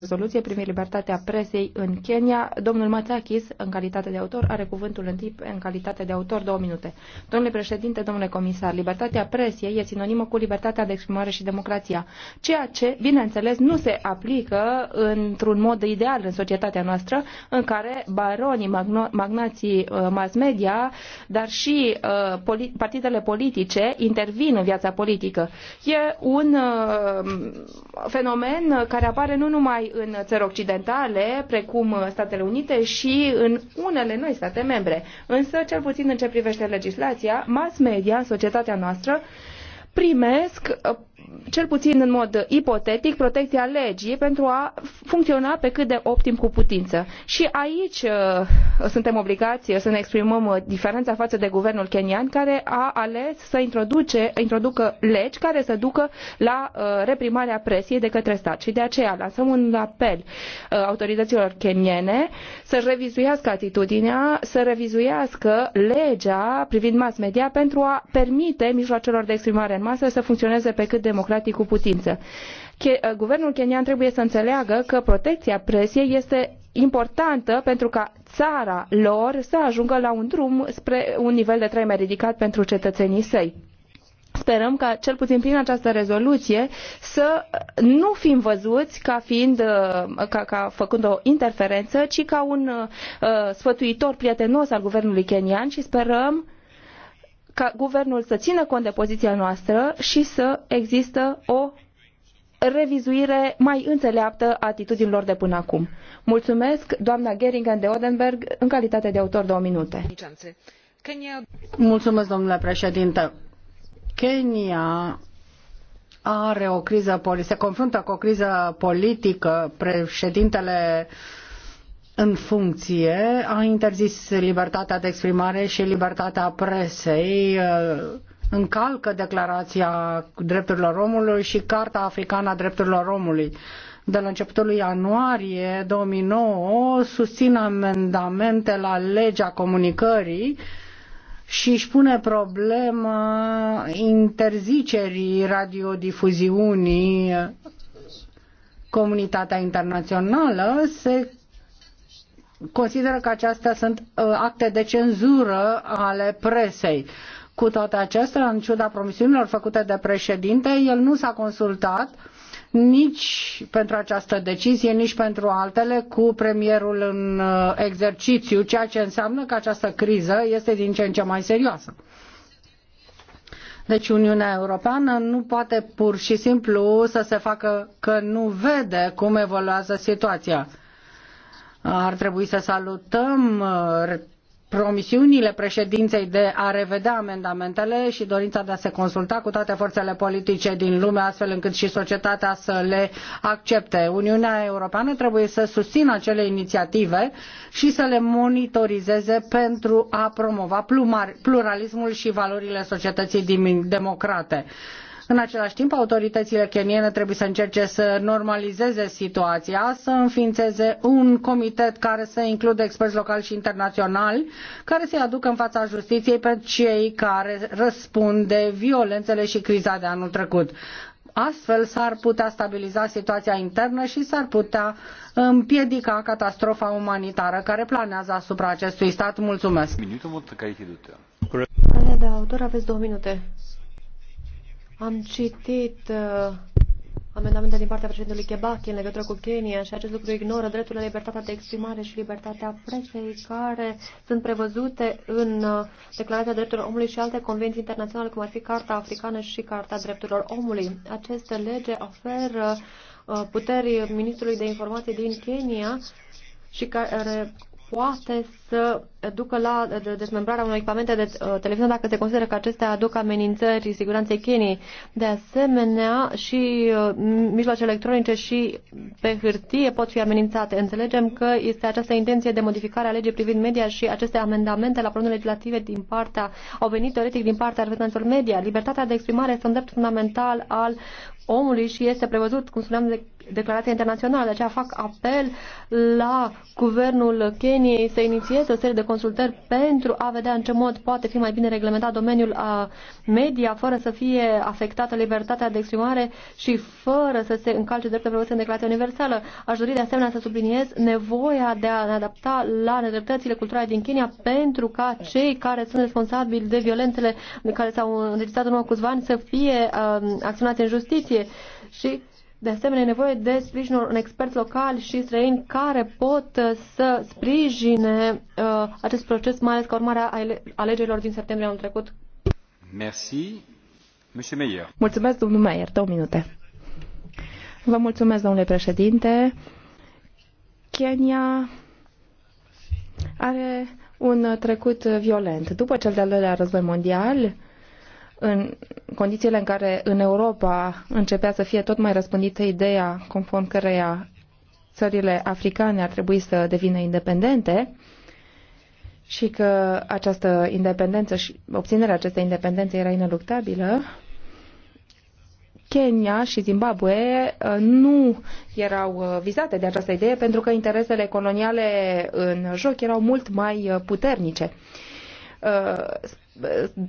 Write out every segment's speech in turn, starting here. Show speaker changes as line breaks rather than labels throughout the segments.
rezoluție privind libertatea presei în Kenya. Domnul Matakis, în calitate de autor, are cuvântul în tip în calitate de autor două minute. Domnule președinte, domnule comisar, libertatea presiei e sinonimă cu libertatea de exprimare și democrația, ceea ce, bineînțeles, nu se aplică într-un mod ideal în societatea noastră, în care baronii, magnații uh, mass media, dar și uh, poli- partidele politice intervin în viața politică. E un uh, fenomen care apare nu numai în țări occidentale, precum Statele Unite și în unele noi state membre. Însă, cel puțin în ce privește legislația, mass media în societatea noastră primesc uh, cel puțin în mod ipotetic, protecția legii pentru a funcționa pe cât de optim cu putință. Și aici uh, suntem obligați să ne exprimăm uh, diferența față de guvernul kenian care a ales să introduce, introducă legi care să ducă la reprimarea presiei de către stat. Și de aceea lansăm un apel autorităților keniene să revizuiască atitudinea, să revizuiască legea privind mass media pentru a permite mijloacelor de exprimare în masă să funcționeze pe cât democratic cu putință. Uh, guvernul kenian trebuie să înțeleagă că protecția presiei este importantă pentru ca țara lor să ajungă la un drum spre un nivel de trai mai ridicat pentru cetățenii săi sperăm ca cel puțin prin această rezoluție să nu fim văzuți ca fiind uh, ca, ca făcând o interferență, ci ca un uh, sfătuitor prietenos al guvernului kenian și sperăm ca guvernul să țină cont de poziția noastră și să există o revizuire mai înțeleaptă a atitudinilor de până acum. Mulțumesc, doamna Geringen de Odenberg, în calitate de autor două minute. Mulțumesc, domnule președinte. Kenya
are o criză, se confruntă cu o criză politică. Președintele uh, în funcție a interzis libertatea de exprimare și libertatea presei, uh, încalcă declarația drepturilor omului și Carta Africană a Drepturilor Omului. De la începutul ianuarie 2009 susțin amendamente la legea comunicării și își pune problema interzicerii radiodifuziunii comunitatea internațională se consideră că acestea sunt uh, acte de cenzură ale presei. Cu toate acestea, în ciuda promisiunilor făcute de președinte, el nu s-a consultat nici pentru această decizie, nici pentru altele cu premierul în uh, exercițiu, ceea ce înseamnă că această criză este din ce în ce mai serioasă. Deci Uniunea Europeană nu poate pur și simplu să se facă că nu vede cum evoluează situația ar trebui să salutăm uh, promisiunile președinței de a revedea amendamentele și dorința de a se consulta cu toate forțele politice din lume, astfel încât și societatea să le accepte. Uniunea Europeană trebuie să susțină acele inițiative și să le monitorizeze pentru a promova pluralismul și valorile societății democrate. În același timp, autoritățile keniene trebuie să încerce să normalizeze situația, să înființeze un comitet care să includă experți locali și internaționali, care să-i aducă în fața justiției pe cei care răspund de violențele și criza de anul trecut. Astfel s-ar putea stabiliza situația internă și s-ar putea împiedica catastrofa umanitară care planează asupra acestui stat. Mulțumesc!
Minute,
autor, aveți două minute. Am citit uh, amendamente din partea președintelui Kebaki în legătură cu Kenya și acest lucru ignoră dreptul la libertatea de exprimare și libertatea presei care sunt prevăzute în uh, Declarația Drepturilor Omului și alte convenții internaționale, cum ar fi Carta Africană și Carta Drepturilor Omului. Aceste lege oferă uh, puteri ministrului de informații din Kenya și care poate să ducă la dezmembrarea unor echipamente de uh, televiziune dacă se consideră că acestea aduc amenințări siguranței Chinei. De asemenea, și uh, mijloace electronice și pe hârtie pot fi amenințate. Înțelegem că este această intenție de modificare a legii privind media și aceste amendamente la planul legislative din partea, au venit teoretic din partea reprezentanților media. Libertatea de exprimare este un drept fundamental al omului și este prevăzut, cum spuneam, de declarația internațională. De aceea fac apel la guvernul Keniei să inițieze inițieze o serie de consultări pentru a vedea în ce mod poate fi mai bine reglementat domeniul a media, fără să fie afectată libertatea de exprimare și fără să se încalce dreptul prevăzut în Declarația Universală. Aș dori de asemenea să subliniez nevoia de a ne adapta la nedreptățile culturale din Kenya pentru ca cei care sunt responsabili de violențele care s-au înregistrat în urmă cu ani să fie uh, acționați în justiție și de asemenea, e nevoie de sprijinul un expert local și străin care pot uh, să sprijine uh, acest proces, mai ales ca urmare a alegerilor din septembrie anul trecut.
Merci. Monsieur Meyer.
Mulțumesc, domnul Meyer. Două minute. Vă mulțumesc, domnule președinte. Kenya are un trecut violent. După cel de-al doilea război mondial, în condițiile în care în Europa începea să fie tot mai răspândită ideea conform căreia țările africane ar trebui să devină independente și că această independență și obținerea acestei independențe era ineluctabilă, Kenya și Zimbabwe uh, nu erau uh, vizate de această idee pentru că interesele coloniale în joc erau mult mai uh, puternice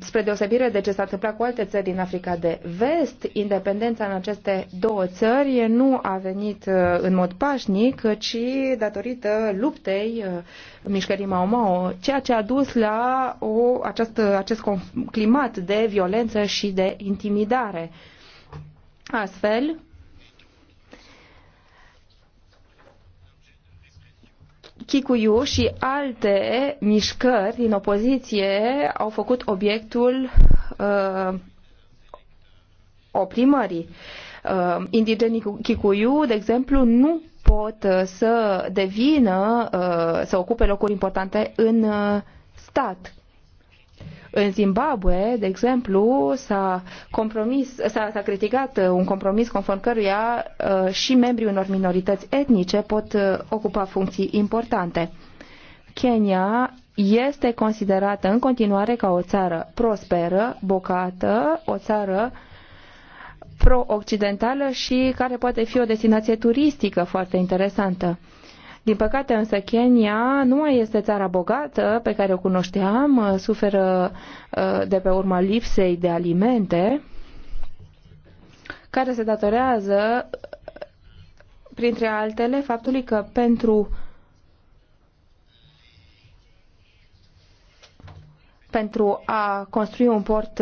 spre deosebire de ce s-a întâmplat cu alte țări din Africa de Vest, independența în aceste două țări nu a venit uh, în mod pașnic, ci datorită luptei uh, mișcării Mau Mau, ceea ce a dus la o, acest, acest climat de violență și de intimidare. Astfel, Kikuyu și alte mișcări din opoziție au făcut obiectul uh, oprimării. Uh, indigenii Kikuyu, de exemplu, nu pot uh, să devină, uh, să ocupe locuri importante în uh, stat. În Zimbabwe, de exemplu, s-a, compromis, s-a, s-a criticat uh, un compromis conform căruia uh, și membrii unor minorități etnice pot uh, ocupa funcții importante. Kenya este considerată în continuare ca o țară prosperă, bogată, o țară pro-occidentală și care poate fi o destinație turistică foarte interesantă. Din păcate însă Kenya nu mai este țara bogată pe care o cunoșteam, uh, suferă uh, de pe urma lipsei de alimente, care se datorează, uh, printre altele, faptului că pentru pentru a construi un port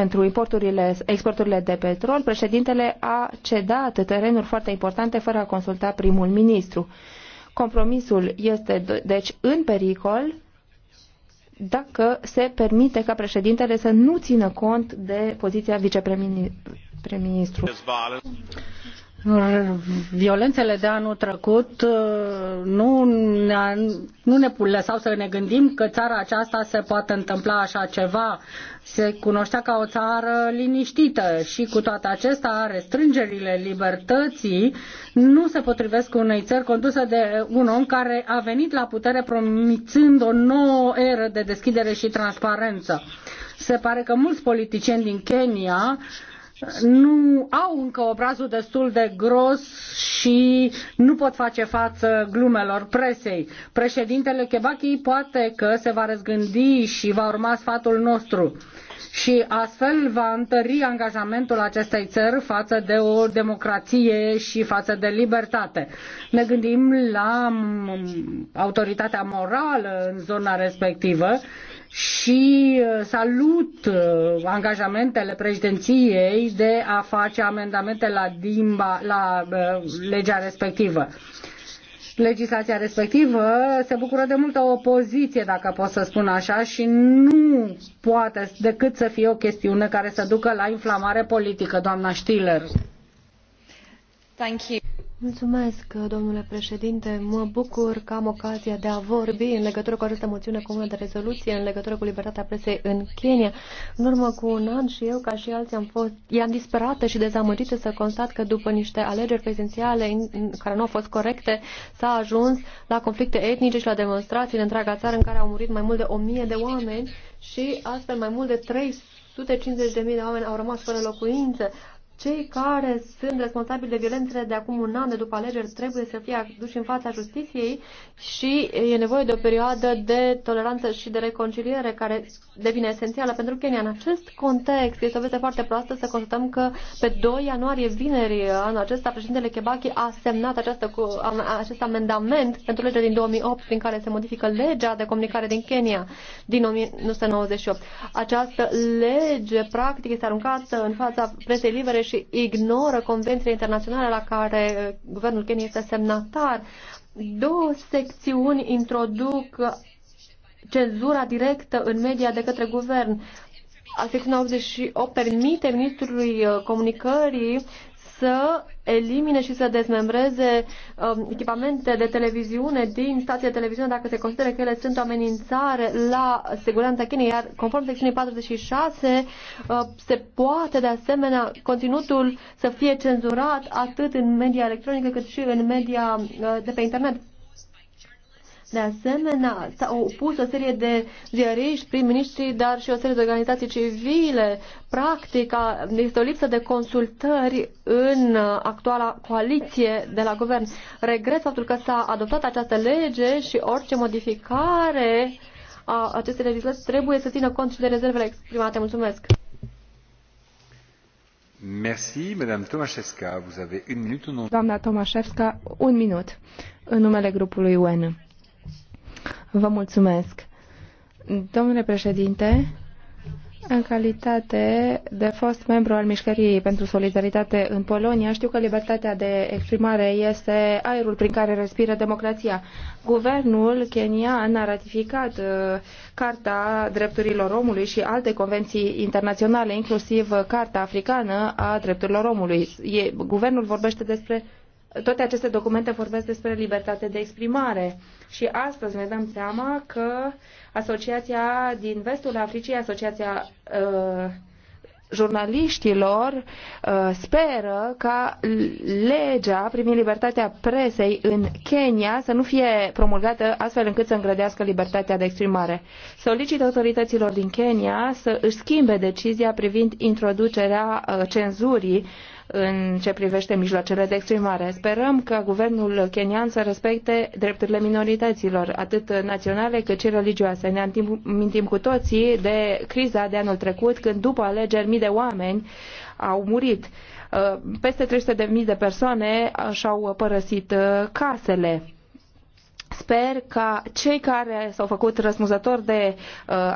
pentru importurile, exporturile de petrol, președintele a cedat terenuri foarte importante fără a consulta primul ministru. Compromisul este deci în pericol dacă se permite ca președintele să nu țină cont de poziția vicepreministru violențele de anul
trecut uh, nu ne, nu ne lăsau să ne gândim că țara aceasta se poate întâmpla așa ceva. Se cunoștea ca o țară liniștită și cu toate acestea restrângerile libertății nu se potrivesc unei țări conduse de un om care a venit la putere promițând o nouă eră de deschidere și transparență. Se pare că mulți politicieni din Kenya nu au încă obrazul destul de gros și nu pot face față glumelor presei. Președintele Chebachii poate că se va răzgândi și va urma sfatul nostru și astfel va întări angajamentul acestei țări față de o democrație și față de libertate. Ne gândim la autoritatea morală în zona respectivă și uh, salut uh, angajamentele președinției de a face amendamente la, dimba, la uh, legea respectivă. Legislația respectivă se bucură de multă opoziție, dacă pot să spun așa, și nu poate decât să fie o chestiune care să ducă la inflamare politică, doamna Stiller.
Thank you. Mulțumesc, domnule președinte. Mă bucur că am ocazia de a vorbi în legătură cu această moțiune comună de rezoluție, în legătură cu libertatea presei în Kenya. În urmă cu un an și eu, ca și alții, am fost, i-am disperată și dezamăgită să constat că după niște alegeri prezidențiale care nu au fost corecte, s-a ajuns la conflicte etnice și la demonstrații în întreaga țară în care au murit mai mult de 1.000 de oameni și astfel mai mult de 300 150.000 de oameni au rămas fără locuințe. Cei care sunt responsabili de violențele de acum un an, de după alegeri, trebuie să fie aduși în fața justiției și e nevoie de o perioadă de toleranță și de reconciliere care devine esențială pentru Kenya. În acest context, este o veste foarte proastă să constatăm că pe 2 ianuarie, vineri, anul acesta, președintele Kebaki a semnat această, acest amendament pentru legea din 2008 prin care se modifică legea de comunicare din Kenya din 1998. Această lege, practic, este aruncată în fața presei libere și ignoră convenția internaționale la care eh, guvernul Kenya este semnatar. Două secțiuni introduc cenzura directă în media de către guvern. Secțiunea 88 permite ministrului eh, comunicării să elimine și să dezmembreze uh, echipamente de televiziune din stația televiziune dacă se consideră că ele sunt o amenințare la siguranța Chinei, iar conform secțiunii 46 uh, se poate de asemenea conținutul să fie cenzurat atât în media electronică cât și în media uh, de pe internet. De asemenea, s-au opus o serie de ziariști, prim-ministri, dar și o serie de organizații civile. Practic, este o lipsă de consultări în actuala coaliție de la guvern. Regret faptul că s-a adoptat această lege și orice modificare a acestei legislații trebuie să țină cont și de rezervele exprimate. Mulțumesc!
Merci, Madame Tomașevska. Vous avez une minute.
Doamna Tomașevska, un minut, în numele grupului UN. Vă mulțumesc. Domnule președinte, în calitate de fost membru al Mișcării pentru Solidaritate în Polonia, știu că libertatea de exprimare este aerul prin care respiră democrația. Guvernul kenian a ratificat uh, Carta Drepturilor Omului și alte convenții internaționale, inclusiv Carta Africană a Drepturilor Omului. Guvernul vorbește despre toate aceste documente vorbesc despre libertate de exprimare și astăzi ne dăm seama că asociația din vestul Africii, asociația uh, jurnaliștilor uh, speră ca legea privind libertatea presei în Kenya să nu fie promulgată astfel încât să îngrădească libertatea de exprimare. Solicită autorităților din Kenya să își schimbe decizia privind introducerea uh, cenzurii în ce privește mijloacele de exprimare. Sperăm ca guvernul kenian să respecte drepturile minorităților, atât naționale cât și religioase. Ne amintim cu toții de criza de anul trecut, când după alegeri mii de oameni au murit. Uh, peste 300.000 de, de persoane și-au părăsit uh, casele sper ca cei care s-au făcut răspunzători de uh,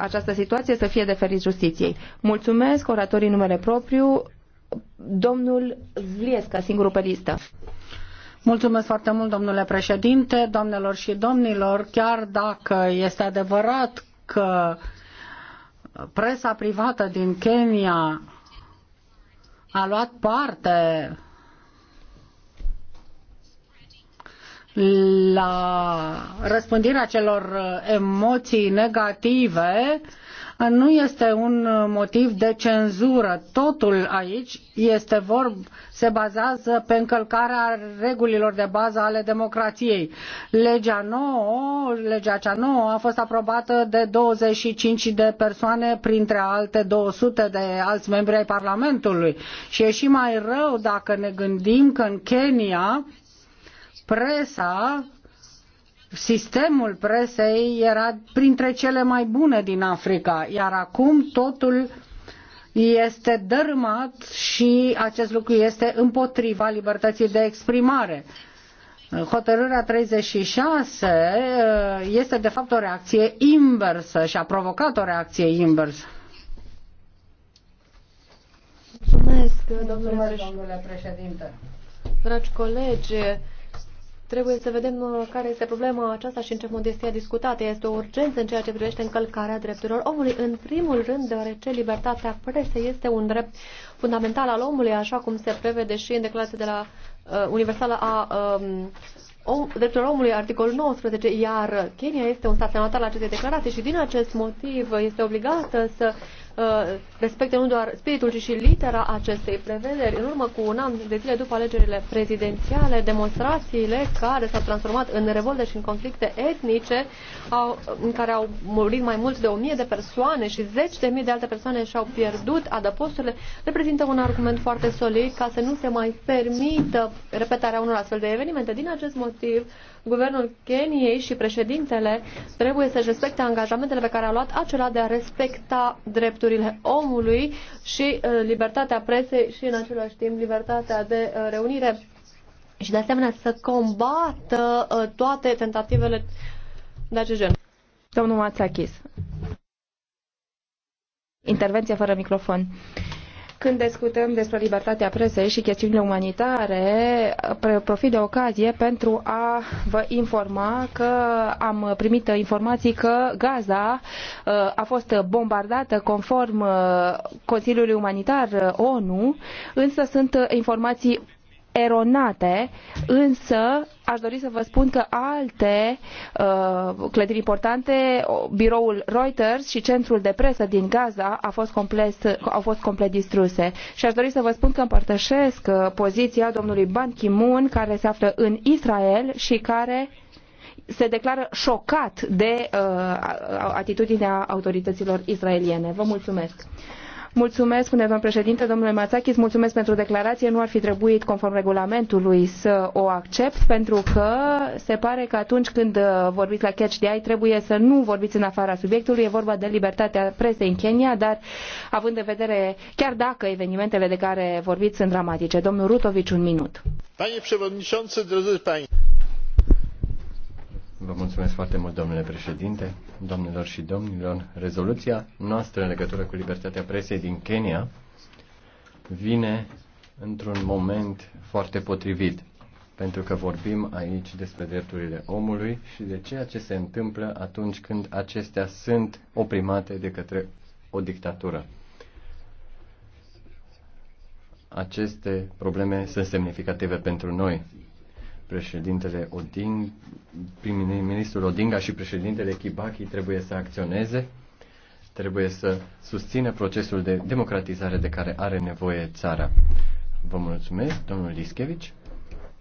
această situație să fie deferiți justiției. Mulțumesc oratorii numele propriu. Domnul Vliesca, singurul pe listă. Mulțumesc foarte mult, domnule
președinte, doamnelor și domnilor. Chiar dacă este adevărat că presa privată din Kenya a luat parte la răspândirea celor emoții negative, nu este un motiv de cenzură. Totul aici este vorb, se bazează pe încălcarea regulilor de bază ale democrației. Legea nouă, legea cea nouă a fost aprobată de 25 de persoane, printre alte 200 de alți membri ai Parlamentului. Și e și mai rău dacă ne gândim că în Kenya presa sistemul presei era printre cele mai bune din Africa, iar acum totul este dărâmat și acest lucru este împotriva libertății de exprimare. Hotărârea 36 uh, este de fapt o reacție inversă și a provocat o reacție inversă. Mulțumesc,
domnule,
președinte.
Dragi colegi, Trebuie să vedem uh, care este problema aceasta și în ce mod este ea discutată. Este o urgență în ceea ce privește încălcarea drepturilor omului. În primul rând, deoarece libertatea presei este un drept fundamental al omului, așa cum se prevede și în declarația de la uh, Universală a um, om, drepturilor omului, articolul 19, iar Kenya este un stat semnatar la aceste declarații și din acest motiv este obligată să uh, Uh, respecte nu doar spiritul, ci și litera acestei prevederi. În urmă cu un an de zile după alegerile prezidențiale, demonstrațiile care s-au transformat în revolte și în conflicte etnice, au, în care au murit mai mult de o mie de persoane și zeci de mii de alte persoane și-au pierdut adăposturile, reprezintă un argument foarte solid ca să nu se mai permită repetarea unor astfel de evenimente. Din acest motiv, Guvernul Keniei și președintele trebuie să-și respecte angajamentele pe care a luat acela de a respecta drepturile omului și uh, libertatea presei și în același timp libertatea de uh, reunire și de asemenea să combată
uh, toate tentativele de acest gen. Domnul Mațachis. Intervenție fără microfon. Uh, când discutăm despre libertatea presei și chestiunile umanitare, profit de ocazie pentru a vă informa că am primit informații că Gaza uh, a fost bombardată conform uh, Consiliului Umanitar uh, ONU, însă sunt informații eronate, însă aș dori să vă spun că alte uh, clădiri importante, biroul Reuters și centrul de presă din Gaza a fost complet, au fost complet distruse. Și aș dori să vă spun că împărtășesc uh, poziția domnului Ban Ki-moon, care se află în Israel și care se declară șocat de uh, atitudinea autorităților israeliene. Vă mulțumesc! Mulțumesc, spune domnul președinte, domnule Mațachis, mulțumesc pentru declarație. Nu ar fi trebuit, conform regulamentului, să o accept, pentru că se pare că atunci când uh, vorbiți la Catch the Eye, trebuie să nu vorbiți în afara subiectului. E vorba de libertatea presei în Kenya, dar având în vedere, chiar dacă evenimentele de care vorbiți sunt dramatice. Domnul Rutovici, un minut.
Panie președinte,
Vă mulțumesc foarte mult, domnule președinte, domnilor și domnilor. Rezoluția noastră în legătură cu libertatea presei din Kenya vine într-un moment foarte potrivit, pentru că vorbim aici despre drepturile omului și de ceea ce se întâmplă atunci când acestea sunt oprimate de către o dictatură. Aceste probleme sunt semnificative pentru noi președintele Oding, prim-ministrul Odinga și președintele Kibaki trebuie să acționeze, trebuie să susțină procesul de democratizare de care are nevoie țara.
Vă mulțumesc, domnul Liskevici.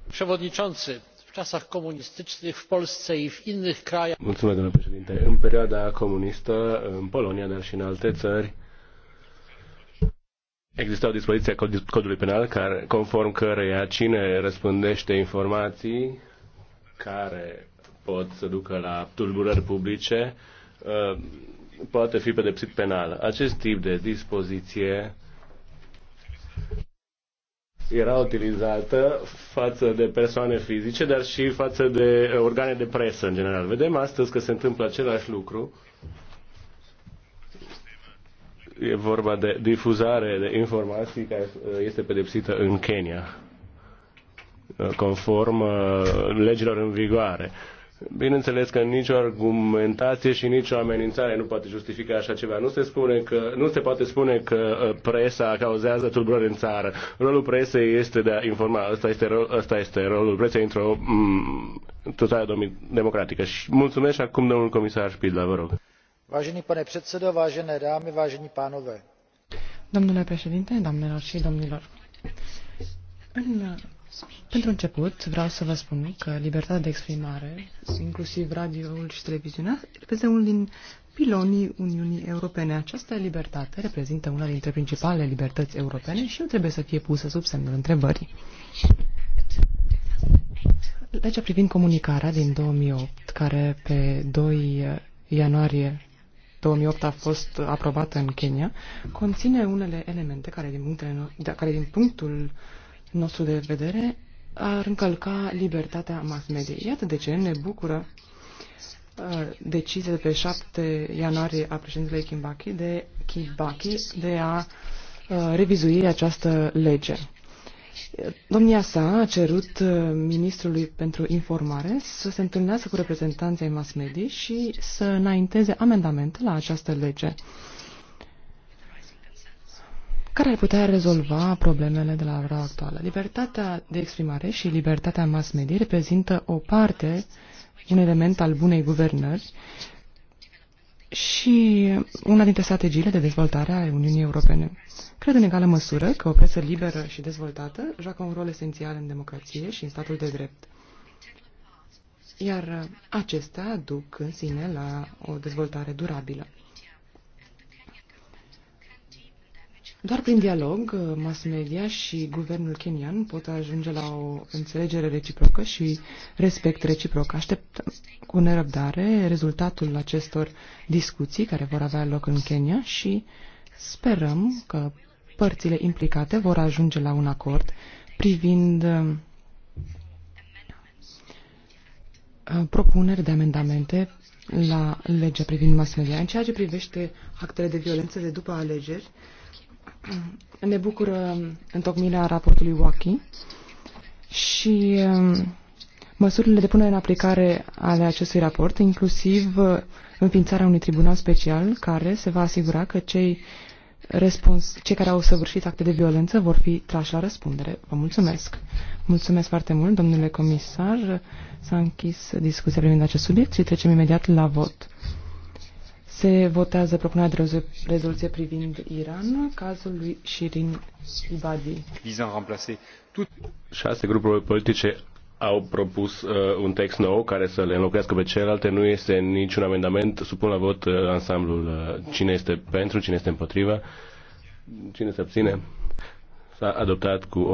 Przewodniczący, w czasach komunistycznych w Polsce i w innych krajach. Mulțumesc,
domnule președinte. În perioada comunistă, în Polonia, dar și în alte țări, Există o dispoziție a codului penal care, conform căreia cine răspândește informații care pot să ducă la tulburări publice ă, poate fi pedepsit penal. Acest tip de dispoziție era utilizată față de persoane fizice, dar și față de organe de presă în general. Vedem astăzi că se întâmplă același lucru e vorba de difuzare de informații care uh, este pedepsită în Kenya, uh, conform uh, legilor în vigoare. Bineînțeles că nicio argumentație și nicio amenințare nu poate justifica așa ceva. Nu se, spune că, nu se poate spune că presa cauzează tulburări în țară. Rolul presei este de a informa. Asta este, rol, asta este rolul presei într-o mm, totală democratică. Și mulțumesc acum domnul comisar Spidla, vă rog
pane předsedající
domnule președinte doamnelor și domnilor pentru început vreau să vă spun că libertatea de exprimare inclusiv radioul și televiziunea reprezintă unul din pilonii Uniunii Europene. Această libertate reprezintă una dintre principalele libertăți europene și nu trebuie să fie pusă sub semnul întrebării. Legea privind comunicarea din 2008, care pe 2 ianuarie 2008 a fost aprobată în Kenya, conține unele elemente care din, punctul, da, care din punctul nostru de vedere ar încălca libertatea mass media. Iată de ce ne bucură uh, decizia de pe 7 ianuarie a președintelui Kimbaki de, Kimbaki de a uh, revizui această lege. Domnia sa a cerut uh, ministrului pentru informare să se întâlnească cu reprezentanții mass media și să înainteze amendamente la această lege care ar putea rezolva problemele de la ora actuală. Libertatea de exprimare și libertatea mass media reprezintă o parte, un element al bunei guvernări și una dintre strategiile de dezvoltare a Uniunii Europene. Cred în egală măsură că o presă liberă și dezvoltată joacă un rol esențial în democrație și în statul de drept. Iar acestea duc în sine la o dezvoltare durabilă. Doar prin dialog, uh, mass media și guvernul kenian pot ajunge la o înțelegere reciprocă și respect reciproc. Aștept cu nerăbdare rezultatul acestor discuții care vor avea loc în Kenya și sperăm că părțile implicate vor ajunge la un acord privind uh, propuneri de amendamente la legea privind mass media. În ceea ce privește actele de violență de după alegeri, ne bucură întocmirea raportului WACI și um, măsurile de punere în aplicare ale acestui raport, inclusiv uh, înființarea unui tribunal special care se va asigura că cei, respons- cei care au săvârșit acte de violență vor fi trași la răspundere. Vă mulțumesc! Mulțumesc foarte mult, domnule comisar. S-a închis discuția privind acest subiect și trecem imediat la vot se votează propunerea de rezoluție privind Iran, cazul lui Shirin Ibadi.
Șase grupuri politice au propus uh, un text nou care să le înlocuiască pe celelalte. Nu este niciun amendament. Supun la vot uh, ansamblul uh, cine este pentru, cine este împotriva, cine se abține. S-a adoptat cu